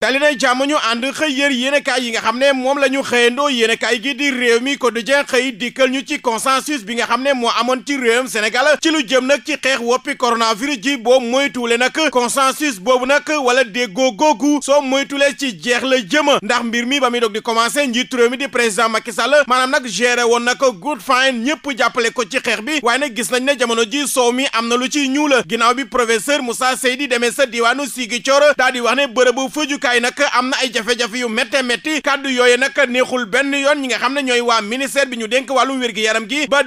dali na jàmm ñu ànd xëy yër yéenekaay yi nga xam ne moom la ñu xëyandoo yéenekaay gi di réew mi ko du jen xëy dikkal ñu ci consensus bi nga xam ne moo amoon ci réewum Sénégal ci lu jëm nag ci xeex woppi coronavirus ji boo moytuwule nag consensus boobu nag wala déggoo googu soo moytuwulee ci jeex la jëma ndax mbir mi ba muy dog di commencé njiit réew mi di président Macky Sall maanaam nag géré woon nag good fine ñëpp jàppale ko ci xeex bi waaye nag gis nañ ne jamono ji soow mi am na lu ci ñuula ginnaaw bi professeur Moussa Seydi sa diwaanu Ziguinchor daal di wax ne yéenekaay nag am na ay jafe-jafe yu métte yoon ñi nga xam ne ñooy waa ministère bi ñu dénk wàllum wér-gi-yaram gi ba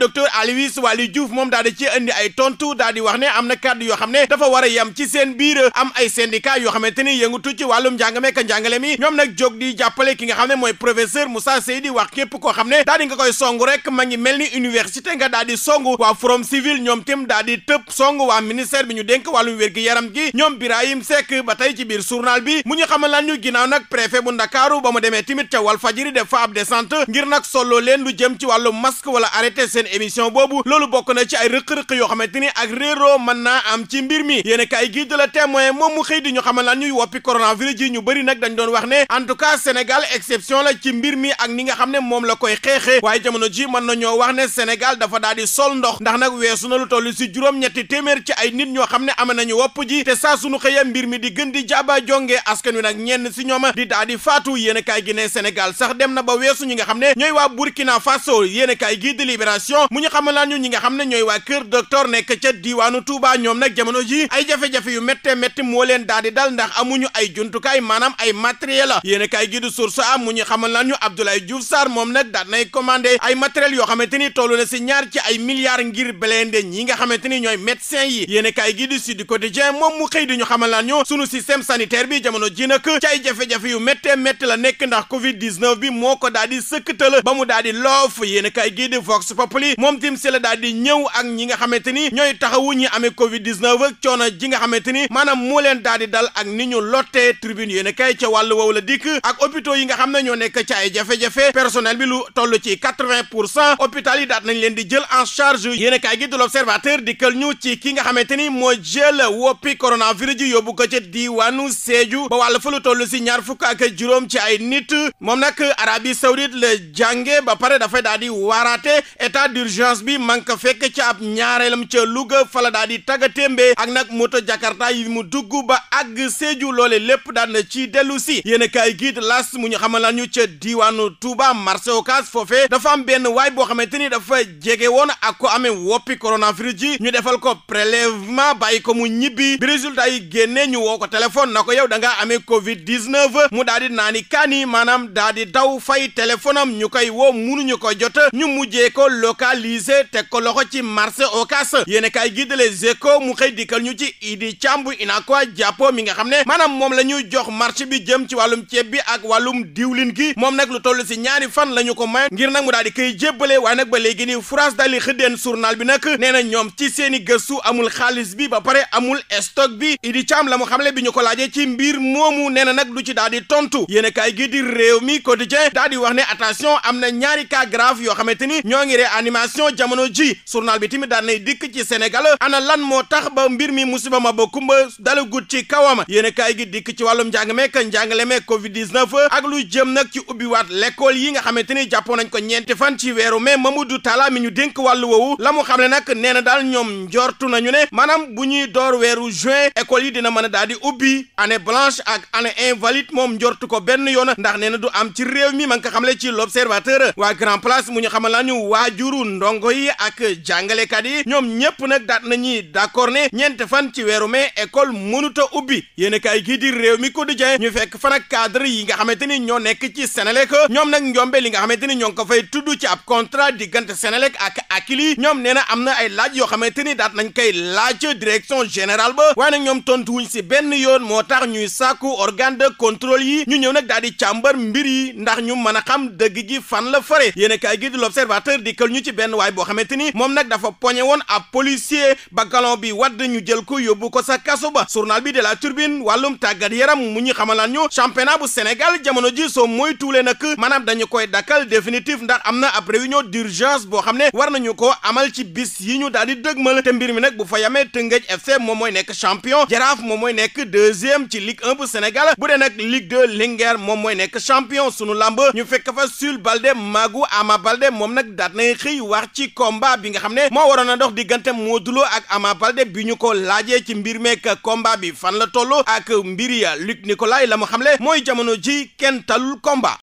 moom daal di ci indi ay tontu daal di wax ne am yoo xam ne dafa war a yem ci seen biir am ay syndicat yoo xam xamante ni yëngatu ci wàllum njàngame ka njàngale mi ñoom nag jóg di jàppale ki nga xam ne mooy professeur Moussa Seydi wax képp koo xam ne daal di nga koy songu rek ma ngi mel ni université nga daal di songu waa forum civil ñoom tim daal di tëb songu waa ministère bi ñu denk wàllum wér yaram gi ñoom Birahim Seck ba tey ci biir journal bi mu ñu xamal lan ñu ginnaaw nag préfet bu ndakaaru ba mu demee timit ca wal fajiri def fa ab descente ngir nag solo leen lu jëm ci wàllu mask wala arrêté seen émission boobu loolu bokk na ci ay rëq-rëq yoo xamante ni ak réeroo mën naa am ci mbir mi yéen kay gii de la témoin moom mu xëy di ñu xamal lan ñuy woppi coronavirus ji ñu bëri nag dañ doon wax ne en tout cas Sénégal exception la ci mbir mi ak ni nga xam ne moom la koy xeexee waaye jamono ji mën na ñoo wax ne Sénégal dafa daal sol ndox ndax nag weesu na lu toll si juróom-ñetti téeméer ci ay nit ñoo xam ne am nañu wopp ji te saa sunu mbir mi di gën di jaaba jonge askan wi nag ñeen si ñoom di daal di faatu yéen kaay gi ne Sénégal sax dem na ba weesu ñi nga xam ne ñooy waa Burkina Faso yéen kaay gi di Libération mu ñu xamalaan ñu ñi nga xam ne ñooy waa Kër Docteur nekk ca diiwaanu Touba ñoom nag jamono ji ay jafe-jafe yu métte métti moo leen daal di dal ndax amuñu ay juntukaay maanaam ay matériel la yéen kaay gi di Source A mu ñu xamalaan ñu Abdoulaye Diouf Sarr moom nag daal nay commandé ay matériel yoo xamante ni toll na si ñaar ci ay milliards ngir blende ñi nga xamante ni ñooy médecins yi yéen kaay gi di Sud Quotidien xëy di ñu xamalaan ñu sunu système sanitaire bi jamono ji nekk ci ay jafe-jafe yu méttee métti la nekk ndax Covid 19 bi moo ko daal di sëkkatal ba mu daal di loof yéen a kaay gii di Vox Populi moom tim si la daal di ñëw ak ñi nga xamante ni ñooy taxawu ñi amee Covid 19 ak coono ji nga xamante ni maanaam moo leen daal di dal ak ni ñu lottee tribune yéen a kaay ca wàllu woowu la dikk ak hôpitaux yi nga xam ne ñoo nekk ci ay jafe-jafe personnel bi lu toll ci 80 pour cent hôpital yi daat nañ leen di jël en charge yéen a kaay gi de l'observateur ñu ci ki nga xamante ni moo jël woppi coronavirus ji yóbbu ko ca diiwaanu Sédhiou ba wàll fa toll si ñaar fukk ak juróom ci ay nit moom nag Arabie Saoudite la jànge ba pare dafay daal di waaraate état d'urgence bi man fekk ca ab ñaareelam ca Louga fala la daal di taggatémbe ak nag moto Jakarta yi mu dugg ba àgg Sédhiou loole lépp daan na ci dellu si yéen a kaay gi las mu ñu xamal ñu ca diwaanu Touba marché Ocass foofe dafa am benn waay boo xamante ni dafa jege woon ak ko amee woppi coronavirus ji ñu defal ko prélèvement bàyyi ko mu ñibbi bi résultat yi génnee ñu ko téléphone na yow da covid 19 mu daal di naani kaani maanaam daal di daw fay téléphone am ñu koy woo munuñu ko jot ñu mujjee ko localiser teg ko loxo ci marché Ocass yéen a kaay gi de Les mu xëy dikkal ñu ci Idi Thiam bu Unacois Jàppo mi nga xam ne maanaam moom la ñuy jox marché bi jëm ci wàllum ceeb bi ak wàllum diwlin gi moom nag lu toll si ñaari fan lañu ko may ngir nag mu daal di koy jébbale waaye nag ba léegi nii France daal di xëddeen journal bi nag nee na ñoom ci seeni gëstu amul xaalis bi ba pare amul stock bi Idi nee na nag lu ci daal di tontu yéen kaay gi di réew mi quotidien daal di wax ne attention am na ñaari cas grave yoo xamante ni ñoo ngi réanimation jamono ji journal bi tamit daal nay dikk ci Sénégal ana lan moo tax ba mbir mi musiba ma ba kumba dala gut ci kawam yéen kaay gi dikk ci wàllum njàng meek njàngale meek covid 19 ak lu jëm nag ci ubbiwaat l'école yi nga xamante ni jàppoon nañ ko ñeenti fan ci weeru mai du Talla mi ñu dénk wàllu woowu la mu xam ne nag nee na daal ñoom njortu nañu ne maanaam bu ñuy door weeru juin école yi dina mën a daal di ubbi naa ne invalide moom njortu ko benn yoon ndax nee na du am ci réew mi ma nga xamle ci l'observateur waa grand place mu ñu xamal laa ñu waajuru ndongo yi ak jàngalekat yi ñoom ñëpp nag daat nañuy d'accord ne ñeent fan ci weeru mai école mënuta ubbi yéen kaay gii di réew mi du quotidien ñu fekk fan ak cadre yi nga xamante ni ñoo nekk ci Senelec ñoom nag njombe li nga xamante ni ñoo ngi ko fay tudd ci ab contrat diggante Senelec ak Akilee ñoom nee na am na ay laaj yoo xamante ni daat nañ koy laaj direction générale ba waaye nag si benn yoon moo tax ñuy sàkku organe de contrôle yi ñu ñëw nag daal di càmbar mbir yi ndax ñu mën a xam dëgg gi fan la fare yéen a kaay gi di l'observateur di kël ñu ci benn waay boo xamante ni moom nag dafa poñe woon ab policier ba galon bi wadd ñu jël ko yóbbu ko sa kaso ba journal bi de la turbine wàllum tàggat yaram mu ñu xamalaan ñu championnat bu Sénégal jamono ji soo mooy tuule nag maanaam dañu koy dakkal définitif ndax am na après ab réunion d'urgence boo xam ne war nañu ko amal ci bis yi ñu daal di dëgmal te mbir mi nag bu fa yamee Tëngéej moom mooy nekk champion Jaraaf moom mooy nekk deuxième ci Ligue 1 bu Sénégal Sénégal bu dee nag Ligue 2 moom mooy nekk champion sunu lamb ñu fekk fa suul Balde Magu Ama Balde moom nag daat nay wax ci combat bi nga xam ne moo waroon a dox diggante Modou Lo ak Ama Balde bi ñu ko laajee ci mbir meek combat bi fan la toll ak mbir ya Luc Nicolaï la xam xamle mooy jamono ji kenn talul combat